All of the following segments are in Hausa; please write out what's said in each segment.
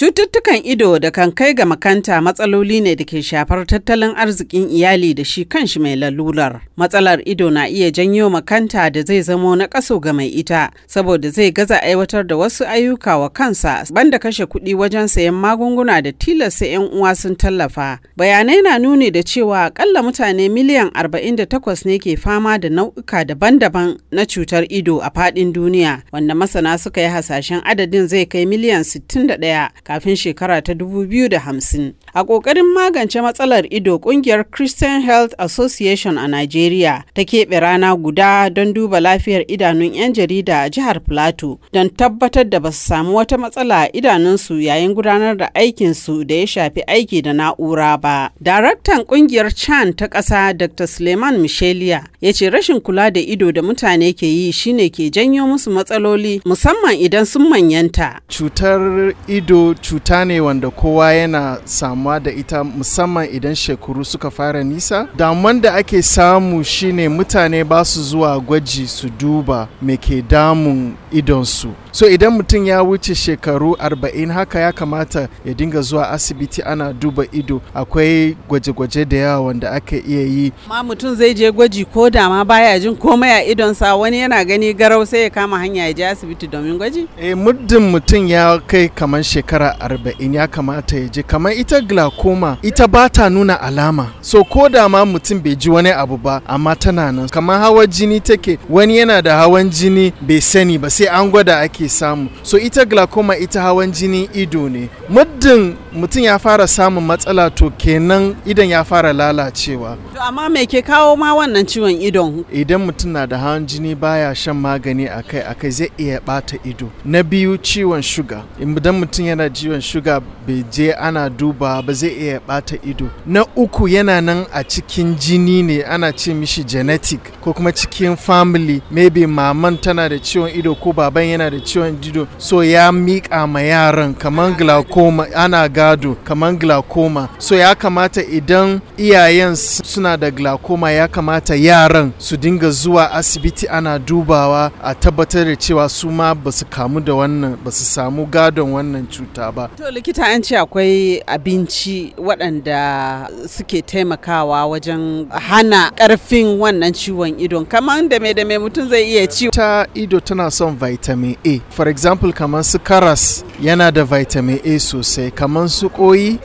Cututtukan ido da kan kai ga makanta matsaloli ne da ke shafar tattalin arzikin iyali da shi kan shi mai lalular. Matsalar ido na iya janyo makanta da zai zamo na kaso ga mai ita, saboda zai gaza aiwatar da wasu ayyuka wa kansa banda kashe kuɗi wajen sayan magunguna da tilasta 'yan uwa sun tallafa. Bayanai na nuni da cewa akalla mutane miliyan 48 ne ke fama da nau'uka daban-daban na cutar ido a faɗin duniya, wanda masana suka yi hasashen adadin zai kai miliyan ɗaya. kafin shekara ta 2050. A ƙoƙarin magance matsalar ido ƙungiyar Christian Health Association a nigeria ta keɓe rana guda don duba lafiyar idanun 'yan jarida a jihar Plateau don tabbatar da ba su samu wata matsala a idanunsu yayin gudanar da aikinsu da ya shafi aiki da na'ura ba. Daraktan ƙungiyar Chan ta ƙasa Dr. Suleiman Michelia ya ce rashin kula da ido da mutane ke yi shine ke janyo musu matsaloli musamman idan sun manyanta. Cutar ido cuta ne wanda kowa yana samuwa da ita musamman idan shekaru suka fara nisa damuwan da ake samu shine mutane ba su zuwa gwaji su duba me ke damun idonsu so idan mutum ya wuce shekaru 40 haka ya kamata ya dinga zuwa asibiti ana duba ido akwai gwaje-gwaje da yawa wanda aka iya yi ma mutum zai je gwaji ko da ma baya jin komai a idon sa wani yana gani garau sai ya kama hanya ya je asibiti domin gwaji e muddin mutum ya kai kamar shekara 40 ya kamata ya je kamar ita glaucoma ita bata nuna alama so ko da ma mutum bai ji wani abu ba amma tana nan kamar hawan jini take wani yana da hawan jini bai sani ba sai an gwada ake ake samu so ita glaucoma ita hawan jini ido ne muddin mutum ya fara samun matsala to kenan idan ya fara lalacewa to amma me ke kawo ma wannan ciwon idon idan mutum na da hawan jini baya shan magani akai akai zai iya bata ido na biyu ciwon shuga idan mutum yana ciwon shuga bai je ana duba ba zai iya bata ido na uku yana nan a cikin jini ne ana ce mishi genetic ko kuma cikin family maybe maman tana da ciwon ido ko baban yana da ciwon jido so ya miƙa ma yaran kaman glaucoma ana gado kaman glaucoma so ya kamata idan iyayen suna da glaucoma ya kamata yaran su dinga zuwa asibiti ana dubawa a tabbatar da cewa su ma ba su kamu da wannan ba su samu gadon wannan cuta ba to likita an ce akwai abinci waɗanda suke taimakawa wajen hana ƙarfin wannan ciwon idon kaman da me da mai mutum zai iya ci ta ido tana son vitamin a for example kamar su karas yana da vitamin a sosai kamar su koyi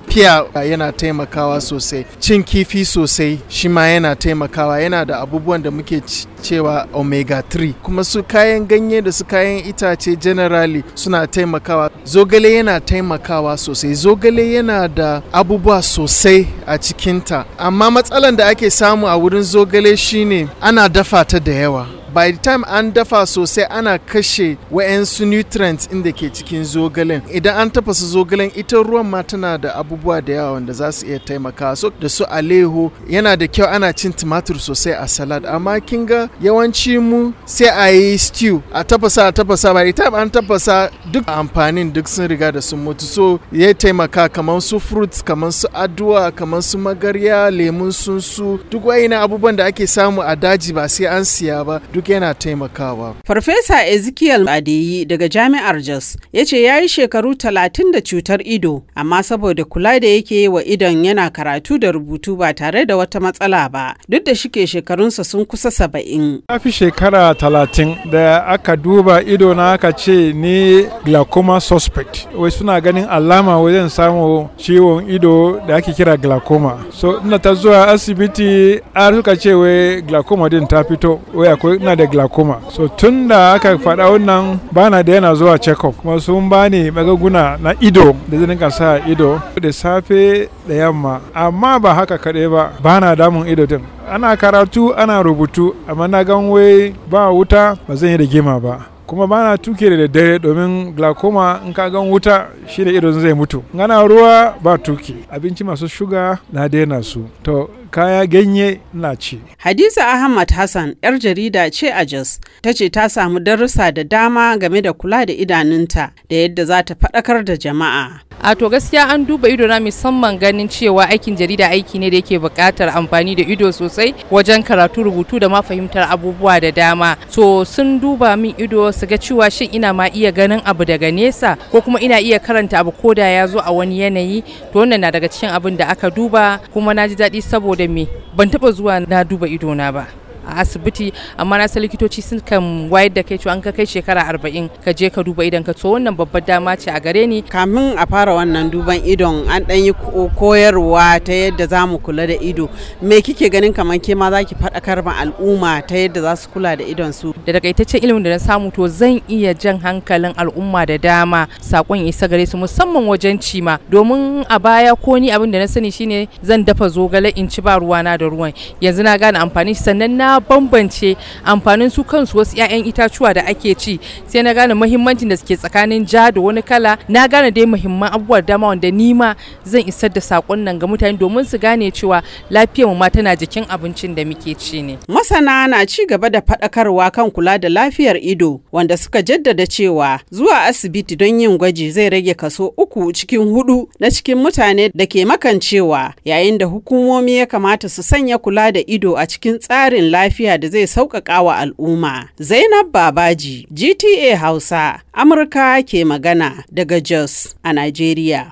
yana taimakawa sosai cin kifi sosai shi ma yana taimakawa yana da abubuwan da muke cewa omega 3 kuma su kayan ganye da su kayan itace generally suna taimakawa zogale yana taimakawa sosai zogale yana da abubuwa sosai a cikinta amma matsalan da ake samu a wurin zogale shine ana dafa ta da yawa by the time an dafa sosai ana kashe wa'yansu nutrients inda ke cikin zogalen idan an tafasa zogalen ita ruwan ma tana da abubuwa da yawa wanda za su iya taimaka so da su aleho yana da kyau ana cin tumatur sosai a salad amma kin ga yawanci mu sai a yi stew a tafasa a tafasa by the time an tafasa duk amfanin duk sun riga da sun mutu so ya taimaka kamar su fruits kamar su aduwa kamar su magarya lemun sunsu duk wa'ina abubuwan da ake samu a daji ba sai an siya ba duk yana taimakawa. Farfesa Ezekiel Adeyi daga Jami'ar Jos ya ce ya yi shekaru talatin da cutar ido, amma saboda kula da yake yi wa idon yana karatu da rubutu ba tare da wata matsala ba, duk da shike shekarunsa sun kusa saba'in. Ya fi shekara talatin da aka duba ido na aka ce ni glaucoma suspect. Wai suna ganin alama wajen samu ciwon ido da ake kira glaucoma. So ina ta zuwa asibiti suka ce wai glaucoma din ta fito. Wai akwai da glaucoma so tun da aka faɗa wannan bana da yana zuwa check-up kuma sun bani magaguna na ido da zai dinka sa ido da safe da yamma amma ba haka kaɗai ba bana damun ido din ana karatu ana rubutu amma na ganwai ba wuta ba zan yi da gima ba kuma bana tuke da daddare domin glaucoma in ka gan wuta shi da idon zai mutu gana ruwa ba tuki abinci masu shuga na daina su to kaya ganye na ci. Hadiza Ahmad Hassan, 'yar jarida ce a Jos, ta ce ta samu darussa da dama game da kula da idanunta da yadda za ta faɗakar da jama'a. a to gaskiya an duba ido na musamman ganin cewa aikin jarida aiki ne da yake bukatar amfani da ido sosai wajen karatu rubutu da ma fahimtar abubuwa da dama so sun duba min ido su ga cewa shin ina ma iya ganin abu daga nesa ko kuma ina iya karanta abu ko da ya zo a wani yanayi to wannan na daga cikin abin da aka duba kuma na ji daɗi saboda me ban taɓa zuwa na duba idona ba a asibiti amma na san likitoci sun kan wayar da kai an ka kai shekara arba'in ka je ka duba idan ka to wannan babbar dama ce a gare ni. Kamin a fara wannan duban idon an ɗan yi koyarwa ta yadda za mu kula da ido me kike ganin kamar ke ma za ki faɗakar ma al'umma ta yadda za su kula da idon su. Da takaitaccen ilimin da na samu to zan iya jan hankalin al'umma da dama sakon isa gare su musamman wajen cima domin a baya ko ni abin da na sani shine zan dafa zogale in ci ba ruwana da ruwan yanzu na gane amfani sannan na bambance amfanin su kansu wasu 'ya'yan itacuwa da ake ci sai na gane muhimmancin da suke tsakanin ja da wani kala na gane dai muhimman abubuwa dama wanda ni ma zan isar da sakon nan ga mutane domin su gane cewa lafiyar mu tana jikin abincin da muke ci ne masana na ci gaba da faɗakarwa kan kula da lafiyar ido wanda suka jaddada cewa zuwa asibiti don yin gwaji zai rage kaso uku cikin hudu na cikin mutane da ke makancewa yayin da hukumomi ya kamata su sanya kula da ido a cikin tsarin lafiya lafiya da zai sauƙaƙa wa al'umma. Zainab Babaji, GTA Hausa, Amurka ke magana daga Jos a Najeriya.